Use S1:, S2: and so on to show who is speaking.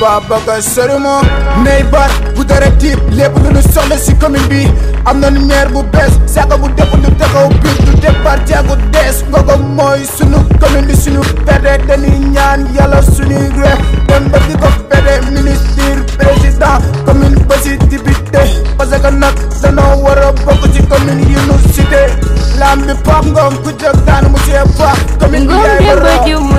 S1: fa bëgg a moo nay baat bu dara tiit nu soxla si commune bi am nañu maire bu bees saaka bu def te taxaw biir du départ jaagu dees ngogo mooy sunu commune bi sunu pere dañuy ñaan yàlla sunuy réew dem ba di ko pere ministre président commune ba si député parce que nag
S2: danoo war a bokk ci commune nu cité lam bi pap ngoom ku jóg daan mu see paax commune bi yaay